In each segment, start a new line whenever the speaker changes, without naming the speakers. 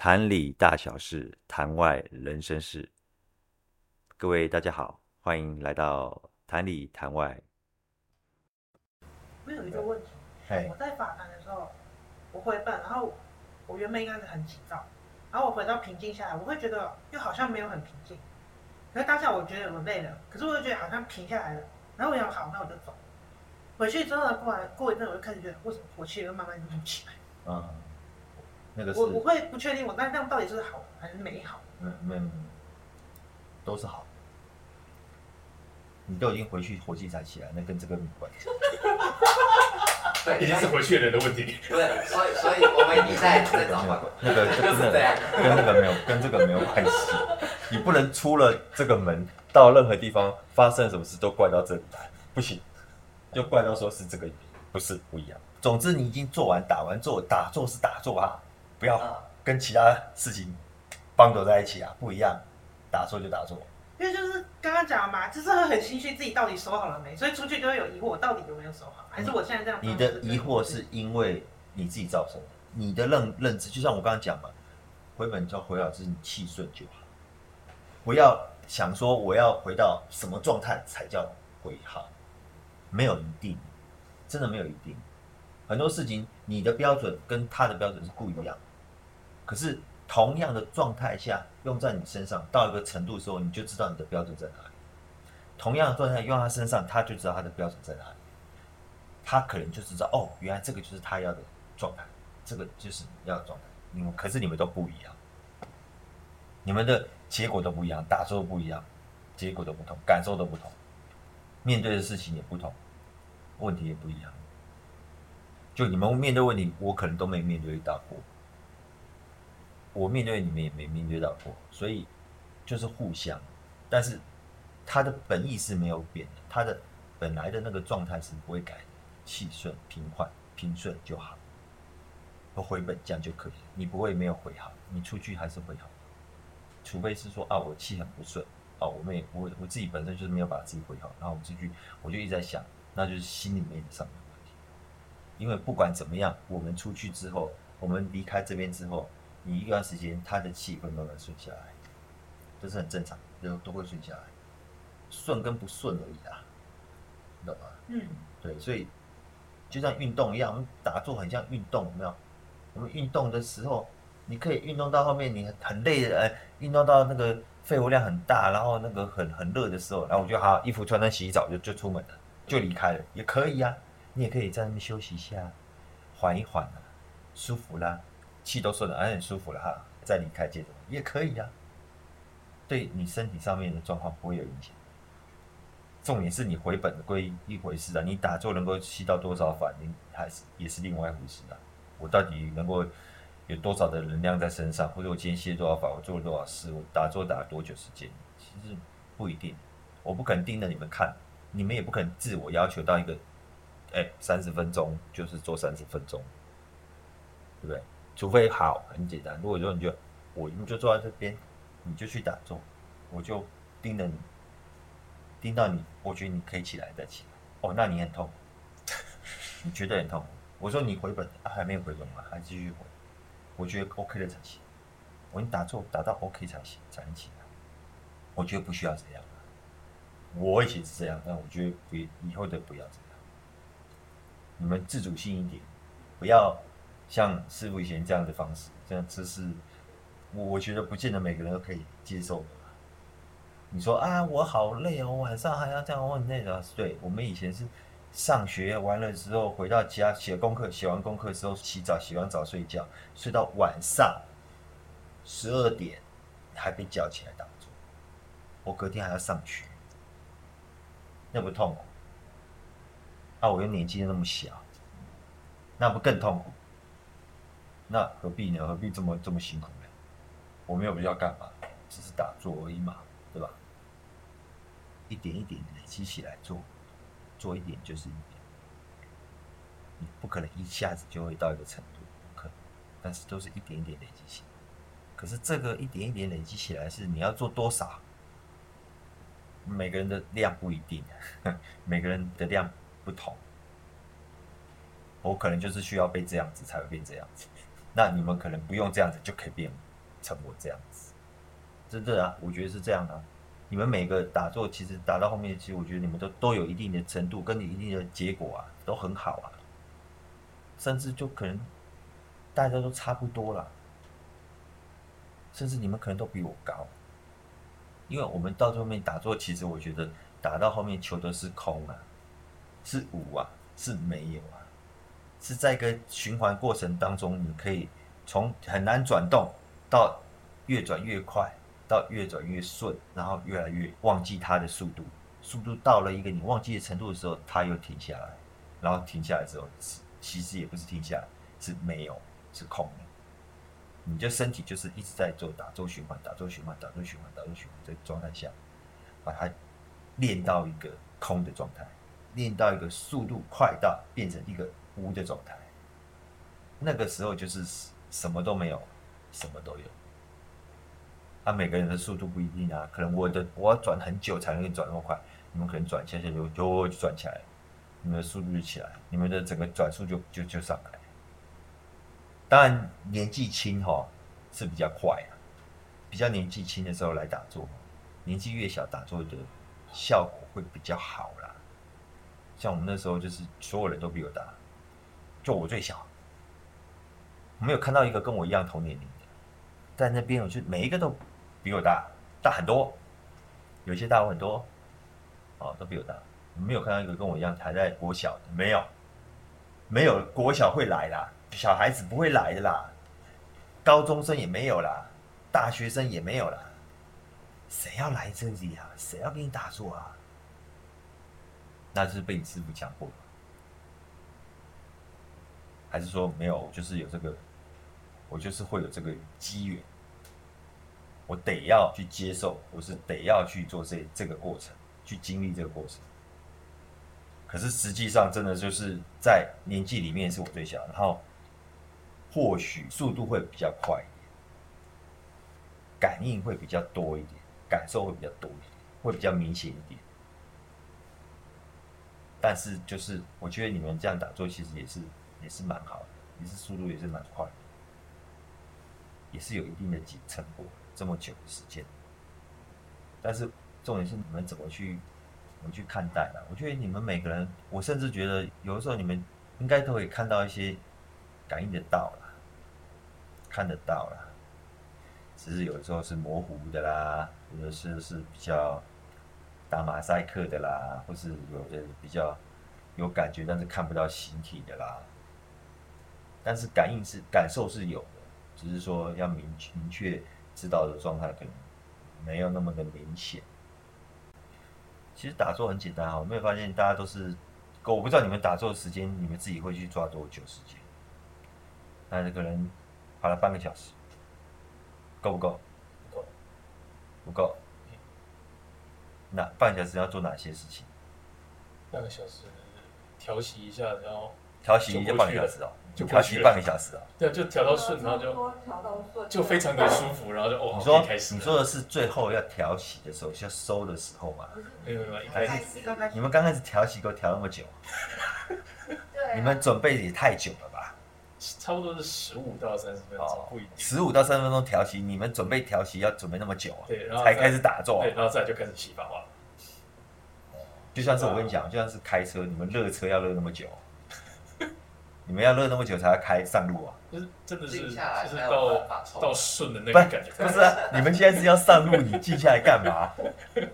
壇裡大小事，壇外人生事。各位大家好，歡迎來到壇裡壇外。我有一個問題，嘿嗯、我在訪談的時候，我會笨，然後我,我原本應該是很緊張，然後我回到平靜下來，我會覺得又好像沒有很平靜。可是當下我覺得我累了，可是我又覺得好像平下來了。然後我想好，那我就走。回去之後呢過完過一陣，我就開始覺得為什麼我火氣慢慢就起來嗯。嗯、我我會不確定，我那那樣到底是好還是美好嗯？嗯，都是好。你都已經回去火氣才起來，那跟這個沒關係。 對，已經是回去的人的問題。對，所以所以我們已經在在打火。那個跟那個、 跟那個沒有跟這個沒有關係。你不能出了這個門到任何地方發生什麼事都怪到這裡來， 不行，就怪到說是這個，不是不一樣。總之你已經做完打完坐，打坐是打坐啊不要、啊、跟其他事情綁在一起啊，不一樣，打坐就打坐，因為就是剛剛講嘛，就是很心虛自己到底收好了沒？所以出去就會有疑惑，我到底有沒有收好？還是我現在這樣、啊？你的疑惑是因為你自己造成的，對你的認認知就像我剛剛講嘛，回本就回了，就是你氣順就好，不要想說我要回到什麼狀態才叫回好，沒有一定，真的沒有一定，很多事情你的標準跟他的標準是不一樣。嗯可是同樣的狀態下，用在你身上，到一個程度的時候，你就知道你的標準在哪裡。同樣的狀態用他身上，他就知道他的標準在哪裡。他可能就知道，哦，原來這個就是他要的狀態，這個就是你要的狀態。你們，可是你們都不一樣，你們的結果都不一樣，打坐不一樣，結果都不同，感受都不同，面對的事情也不同，問題也不一樣。就你們面對問題，我可能都沒面對到過。我面對你們也沒面對到過，所以就是互相。但是他的本意是沒有變的，他的本來的那個狀態是不會改的，氣順平緩平順就好，和回本這樣就可以了。你不會沒有回好，你出去還是回好，除非是說啊，我氣很不順，啊，我也會、啊。我自己本身就是沒有把自己回好，然後我出去我就一直在想，那就是心裡面的上面的問題。因為不管怎麼樣，我們出去之後，我們離開這邊之後。你一段時間，他的氣氛都能順下來，這、就是很正常，就都會順下來，順跟不順而已啦、啊，你懂嗎？嗯，對，所以就像運動一樣，我們打坐很像運動，有沒有？我們運動的時候，你可以運動到後面，你很累的，哎、呃，運動到那個肺活量很大，然後那個很很熱的時候，然後我覺得好，衣服穿上，洗澡就就出門了，就離開了，對也可以啊。你也可以在那邊休息一下，緩一緩啊，舒服啦、啊。氣都順了，而、啊、很舒服了哈，再離開接着也可以呀、啊。對你身體上面的狀況不會有影響。重點是你回本歸一回事啊，你打坐能夠吸到多少法，你還是也是另外一回事啊。我到底能夠有多少的能量在身上，或者我今天吸了多少法，我做了多少事，我打坐打了多久時間，其實不一定。我不肯盯著你們看，你們也不肯自我要求到一個，哎，三十分鐘就是做三十分鐘，對不對？除非好，很簡單，如果說你就，我你就坐在這邊，你就去打坐，我就盯着你，盯到你，我覺得你可以起來再起來。哦，那你很痛苦， 你覺得很痛苦。我說你回本、啊、還沒回本嗎？還繼續回。我覺得 OK 的才行，我你打坐打到 OK 才行，才能起來。我覺得不需要這樣了、啊，我以前是這樣，但我覺得以以後的不要這樣。你們自主性一點，不要。像師父以前這樣的方式，這樣這是，我我覺得不見得每個人都可以接受的。你說啊，我好累哦，晚上還要這樣，問那個，對，我們以前是上學完了之後回到家寫功課，寫完功課之後洗澡，洗完澡睡覺，睡到晚上十二點還被叫起來打坐，我隔天還要上學，那不痛苦？啊，我又年紀那麼小，那不更痛苦？那何必呢？何必這麼這麼辛苦呢？我沒有必要幹嘛，只是打坐而已嘛，對吧？一點一點累積起來做，做一點就是一點，你不可能一下子就會到一個程度，不可能。但是都是一點一點累積起來。可是這個一點一點累積起來是你要做多少？每個人的量不一定，每個人的量不同。我可能就是需要被這樣子才會變這樣子。那你們可能不用這樣子就可以變成我這樣子，真的啊，我覺得是這樣的啊。你們每個打坐，其實打到後面，其實我覺得你們都都有一定的程度，跟你一定的結果啊，都很好啊。甚至就可能大家都差不多啦，甚至你們可能都比我高，因為我們到最後面打坐，其實我覺得打到後面求的是空啊，是無啊，是沒有啊。是在一個循環過程當中，你可以從很難轉動，到越轉越快，到越轉越順，然後越來越忘記它的速度。速度到了一個你忘記的程度的時候，它又停下來。然後停下來之後，其實也不是停下來，是沒有，是空的。你就身體就是一直在做打坐循環、打坐循環、打坐循環、打坐循環這個狀態下，把它練到一個空的狀態，練到一個速度快到變成一個。無的狀態，那個時候就是什麼都沒有，什麼都有。啊，每個人的速度不一定啊，可能我的我要轉很久才能轉那麼快，你們可能轉下下，就就轉起來，你們的速度就起來，你們的整個轉速就就就上來。當然年紀輕哈是比較快啊，比較年紀輕的時候來打坐，年紀越小打坐的效果會比較好啦。像我們那時候就是所有人都比我大。就我最小，沒有看到一個跟我一樣同年齡的，在那邊，我就每一個都比我大，大很多，有些大我很多，哦，都比我大，沒有看到一個跟我一樣還在國小的，沒有，沒有國小會來啦，小孩子不會來的啦，高中生也沒有啦，大學生也沒有啦，誰要來這裡啊？誰要給你打坐啊？那是不是被你師傅強迫。還是說沒有，我就是有這個，我就是會有這個機緣，我得要去接受，我是得要去做這這個過程，去經歷這個過程。可是實際上，真的就是在年紀裡面是我最小，然後或許速度會比較快一點，感應會比較多一點，感受會比較多一點，會比較明顯一點。但是，就是我覺得你們這樣打坐，其實也是。也是蠻好的，也是速度也是蠻快的，也是有一定的幾成果。這麼久的時間，但是重點是你們怎麼去，怎麼去看待啦、啊。我覺得你們每個人，我甚至覺得有的時候你們應該都可以看到一些感應得到了、啊，看得到了、啊，只是有的時候是模糊的啦，有的時候是比較打馬賽克的啦，或是有的比較有感覺但是看不到形體的啦。但是感應是感受是有的，只、就是說要明明確知道的狀態可能沒有那麼的明顯。其實打坐很簡單哈，我沒有發現大家都是，我不知道你們打坐的時間，你們自己會去抓多久時間？那可能花了半個小時，夠不夠？不夠，不夠。Okay. 那半個小時要做哪些事情？半個小時、呃、調息一下，然後。調息一個半個小時哦，就調息半個小時啊。對，就調到順，然後就調到順，就非常的舒服，然後就哦。你說你說的是最後要調息的時候，要收的時候嗎？沒有沒有，一開你們剛開始調息都調那麼久，你們準備也太久了吧？差不多是十五到三十分鐘，不一十五到三十分鐘調息，你們準備調息要準備那麼久啊？對，然後才開始打坐，對，然後再就開始洗髮化。就像是我跟你講，就像是開車，你們熱車要熱那麼久。你們要熱那麼久才要開上路啊？就是真的是，是就是到到順的那個感覺。不，不是啊， 你們現在是要上路，你靜下來幹嘛？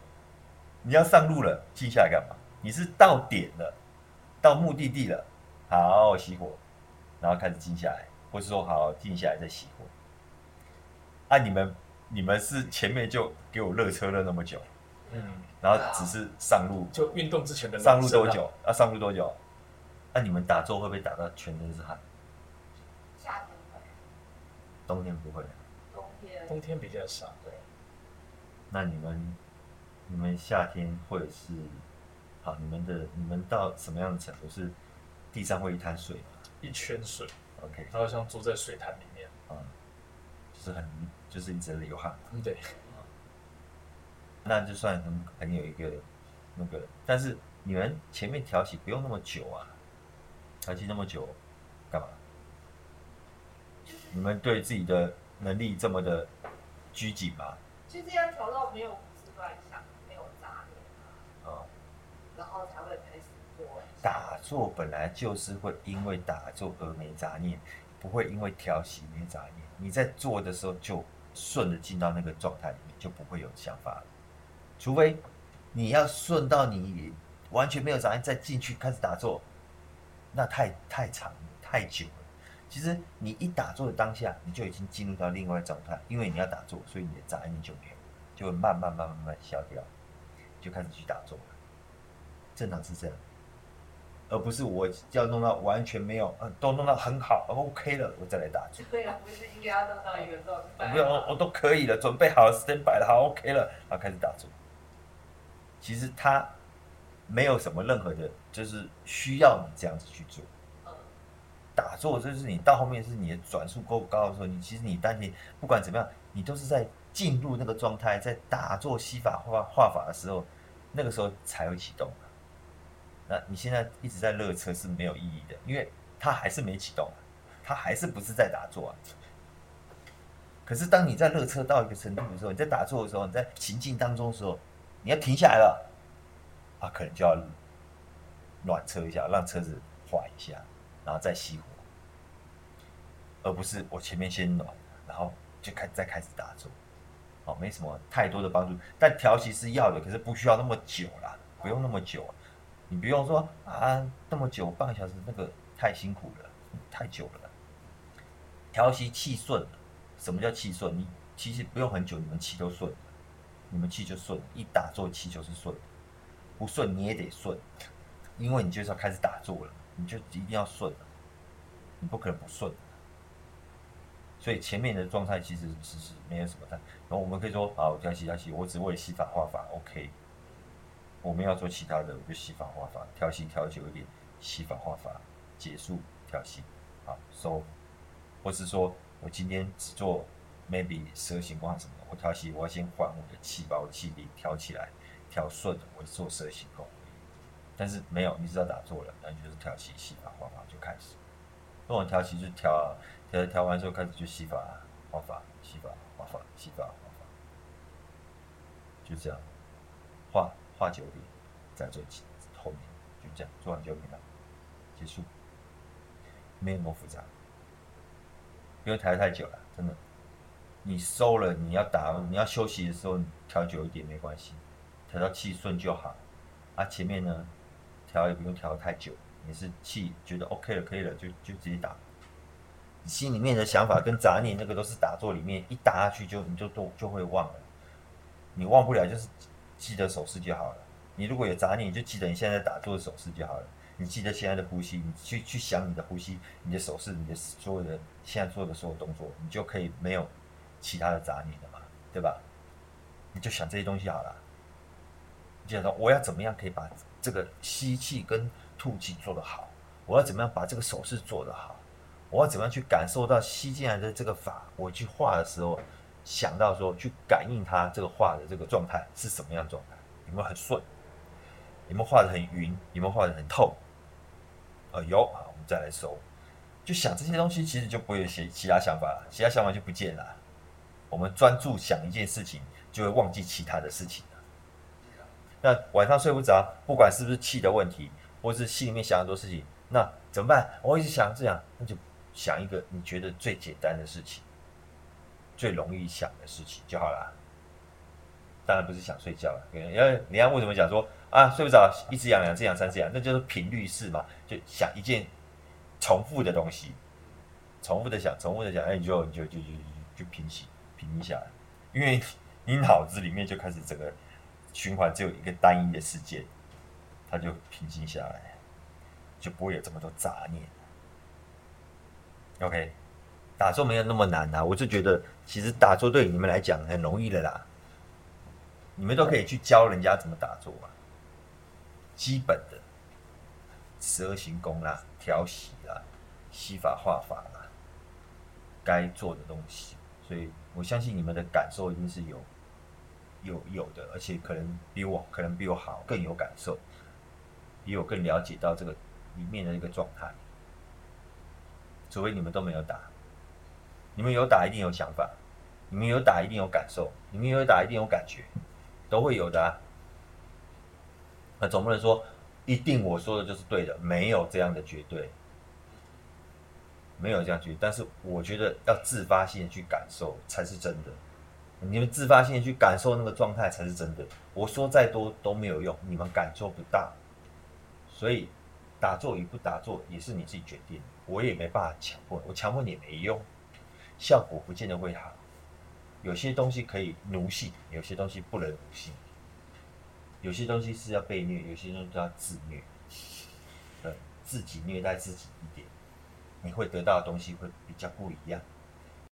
你要上路了，靜下來幹嘛？你是到點了，到目的地了，好，熄火，然後開始靜下來，或是說好靜下來再熄火。按、啊、你們，你們是前面就給我熱車熱那麼久，嗯，然後只是上路，啊、就運動之前的、啊、上路多久？要、啊、上路多久？那你們打坐會不會打到全身是汗？夏天會，冬天不會、啊。冬天比較少。對。那你們你們夏天或者是，好，你們的你們到什麼樣的程度是地上會一灘水？一圈水。OK。他好像坐在水潭裡面。嗯。就是很就是一直流汗。嗯、對、嗯。那就算很很有一個那個，但是你們前面調息不用那麼久啊。調息那麼久，幹嘛？就是、你們對自己的能力這麼的拘謹嗎？就這要調到沒有胡思亂想，沒有雜念。啊，哦、然後才會開始做。打坐本來就是會因為打坐而沒雜念，不會因為調息沒雜念。你在做的時候就順着進到那個狀態裡面，就不會有想法了。除非你要順到你完全沒有雜念，再進去開始打坐。那太，太長了，太久了。其實你一打坐的當下，你就已經進入到另外一狀態，因為你要打坐，所以你的雜音就沒有，就會慢慢慢慢慢慢消掉，就開始去打坐了。正常是這樣，而不是我要弄到完全沒有，啊、都弄到很好，OK 了，我再來打坐。對了、啊，不是應該要弄到一個狀態？我、嗯、我都可以了，準備好了，stand by 了，好，OK 了，然後開始打坐。其實他。沒有什麼任何的，就是需要你這樣子去做。打坐就是你到後面是你的轉速夠高的時候，你其實你當前不管怎麼樣，你都是在進入那個狀態，在打坐、吸法、畫畫法的時候，那個時候才會啟動啊。那你現在一直在熱車是沒有意義的，因為它還是沒啟動啊，它還是不是在打坐啊？可是當你在熱車到一個程度的時候，你在打坐的時候，你在行進當中的時候，你要停下來了。啊，可能就要暖車一下，讓車子緩一下，然後再熄火，而不是我前面先暖，然後就開再開始打坐，哦，沒什麼太多的幫助。但調息是要的，可是不需要那麼久了，不用那麼久啊。你不用說啊，那麼久半個小時，那個太辛苦了，太久了。調息氣順，什麼叫氣順？你其實不用很久，你們氣就順了，你們氣就順，一打坐氣就是順。不順你也得順，因為你就是要開始打坐了，你就一定要順，你不可能不順。所以前面的狀態其實是沒有什麼的，然後我們可以說啊，我調息調息，我只為了吸法畫法，OK，我沒有做其他的，我就洗法畫法，調息調久一點，洗法畫法結束，調息，好收，so, 或是說我今天只做 maybe 蛇形卦什麼。我調息，我要先緩我的氣，把氣力調起來，調順。我做射系統，但是沒有，你知道咋做了？那就是調息、息法、畫法就開始。那我調息就調，調調完之後開始就息法、畫法、息法、畫法、息法、畫法就這樣。畫畫久一點，再做後面就這樣做完就可以了，結束，沒有那麼複雜，不用抬太久了，真的。你收了，你要打，你要休息的時候，調久一點沒關係，調到氣順就好。啊，前面呢，調也不用調太久，你是氣覺得 OK 了，可以了，就就直接打。你心裡面的想法跟雜念，那個都是打坐裡面一打下去就你就就就會忘了。你忘不了，就是記得手勢就好了。你如果有雜念，你就記得你現在在打坐的手勢就好了。你記得現在的呼吸，你去去想你的呼吸，你的手勢，你的所有的你現在做的所有動作，你就可以沒有。其他的雜念的嘛，對吧？你就想這些東西好了啊。你就想說，我要怎麼樣可以把這個吸氣跟吐氣做得好？我要怎麼樣把這個手勢做得好？我要怎麼樣去感受到吸進來的這個法？我去畫的時候，想到說去感應它這個畫的這個狀態是什麼樣的狀態？有沒有很順？有沒有畫的很勻？有沒有畫的很透？哦喲，好，我們再來收。就想這些東西，其實就不會有些其他想法了，其他想法就不見了。我們專注想一件事情，就會忘記其他的事情了。那晚上睡不着，不管是不是氣的問題，或是心裡面想很多事情，那怎麼辦？我一直想這樣，那就想一個你覺得最簡單的事情，最容易想的事情就好了。當然不是想睡覺了，因為你要為什麼講說啊睡不着，一隻羊，兩隻羊，三隻羊，那就是頻率式嘛，就想一件重複的東西，重複的想，重複的想，哎你就你就你就你就就，就，就平息，平靜下來，因為你腦子裡面就開始整個循環，只有一個單一的世界，它就平靜下來，就不會有這麼多雜念。OK，打坐沒有那麼難吶、啊，我就覺得其實打坐對你們來講很容易的啦，你們都可以去教人家怎麼打坐啊。基本的，十二行功啦，調息啦，吸法畫法啦，該做的東西。所以，我相信你們的感受一定是有、有、有的，而且可能比我，可能比我好，更有感受，比我更了解到這個裡面的一個狀態。除非你們都沒有打，你們有打一定有想法，你們有打一定有感受，你們有打一定有感覺，都會有的啊。那總不能說一定我說的就是對的，沒有這樣的絕對。沒有這樣覺得，但是我覺得要自發性的去感受才是真的。你們自發性的去感受那個狀態才是真的。我說再多都沒有用，你們感受不到。所以，打坐與不打坐也是你自己決定的，我也沒辦法強迫。我強迫你也沒用，效果不見得會好。有些東西可以奴性，有些東西不能奴性。有些東西是要被虐，有些東西要自虐，嗯，自己虐待自己一點。你會得到的東西會比較不一樣。